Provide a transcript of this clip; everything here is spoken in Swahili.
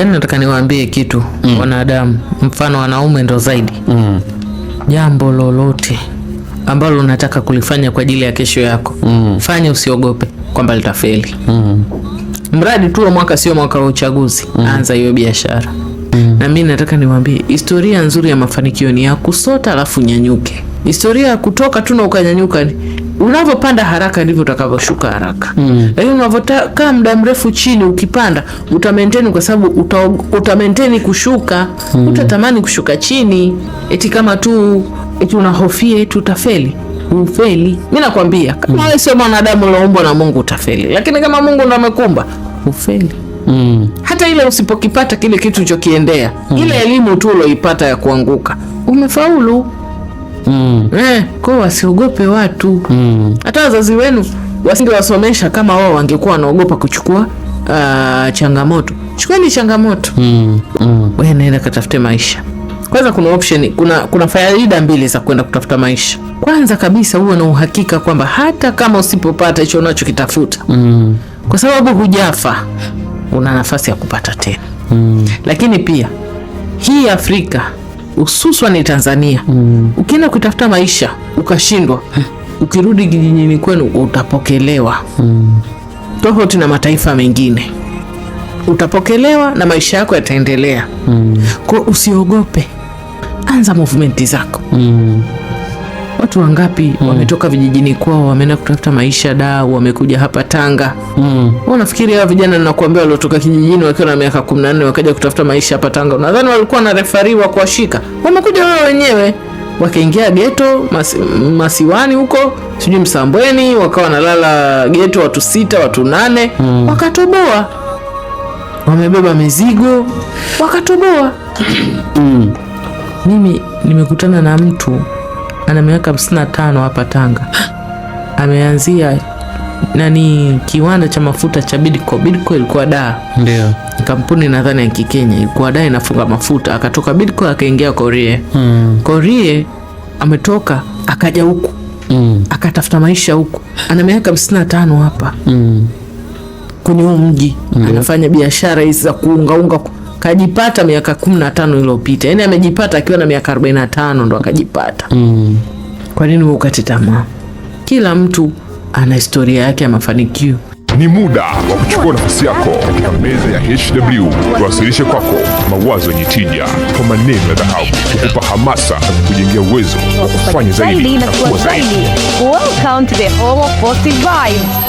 yani nataka niwaambie kitu mm. Wanadamu mfano wanaume ndo zaidi mm. Jambo lolote ambalo unataka kulifanya kwa ajili ya kesho yako mm. Fanya, usiogope kwamba litafeli mm. Mradi tu wa mwaka sio mwaka wa uchaguzi mm. Anza hiyo biashara mm. Na mi nataka niwaambie historia nzuri ya mafanikio ni ya kusota alafu nyanyuke. Historia ya kutoka tu na ukanyanyuka unavyopanda haraka ndivyo utakavyoshuka haraka, hmm. lakini mm. unavyokaa muda mrefu chini ukipanda uta kwa sababu uta, uta kushuka mm. utatamani kushuka chini, eti kama tu eti unahofia eti utafeli ufeli. Mimi nakwambia kama hmm. wewe mm. sio mwanadamu uloumbwa na Mungu utafeli, lakini kama Mungu ndo amekumba ufeli. Mm. Hata ile usipokipata kile kitu chokiendea mm. ile elimu tu uloipata ya kuanguka umefaulu mm. Eh, kwao wasiogope watu mm. hata mm. wazazi wenu wasingewasomesha kama wao wangekuwa wanaogopa kuchukua uh, changamoto. Chukueni changamoto mm. mm. naenda katafute maisha kwanza. Kuna option, kuna kuna faida mbili za kwenda kutafuta maisha. Kwanza kabisa huwa na uhakika kwamba hata kama usipopata hicho unachokitafuta mm. kwa sababu hujafa, una nafasi ya kupata tena mm. lakini pia hii Afrika hususwa ni Tanzania mm. Ukienda kutafuta maisha ukashindwa, eh. ukirudi kijijini kwenu utapokelewa mm. tofauti na mataifa mengine, utapokelewa na maisha yako yataendelea mm. Kwa usiogope, anza movement zako mm. Watu wangapi mm. wametoka vijijini kwao wameenda kutafuta maisha da, wamekuja hapa Tanga mm. nafikiri hawa vijana nakuambia, waliotoka kijijini wakiwa na miaka nne wakaja kutafuta maisha hapa Tanga, nadhani walikuwa na refari wa kuwashika? Wamekuja wao wenyewe wakaingia geto masi, masiwani huko sijui Msambweni, wakawa wanalala geto watu sita watu nane mm. wakatoboa, wamebeba mizigo wakatoboa mm. Mimi nimekutana na mtu ana miaka 55 hapa Tanga. Ameanzia nani kiwanda cha mafuta cha Bidco. Bidco ilikuwa da, ndio kampuni nadhani ya Kikenya ilikuwa da inafunga mafuta, akatoka Bidco akaingia Korea mm. Korea ametoka akaja huku mm. akatafuta maisha huku, ana miaka tano hapa mm. kwenye huu mji mm. anafanya biashara hizi za kuungaunga kajipata miaka 15 iliyopita, yani amejipata akiwa na miaka 45 ndo akajipata. mm. Kwa nini wewe ukate tamaa? Kila mtu ana historia yake ya mafanikio. Ni muda wa kuchukua nafasi yako katika meza ya HW, tuwasilishe kwako mawazo yenye tija kwa maneno ya dhahabu, kukupa hamasa na kukujengea uwezo wa kufanya zaidi na kuwa zaidi. Welcome to the of positive vibes.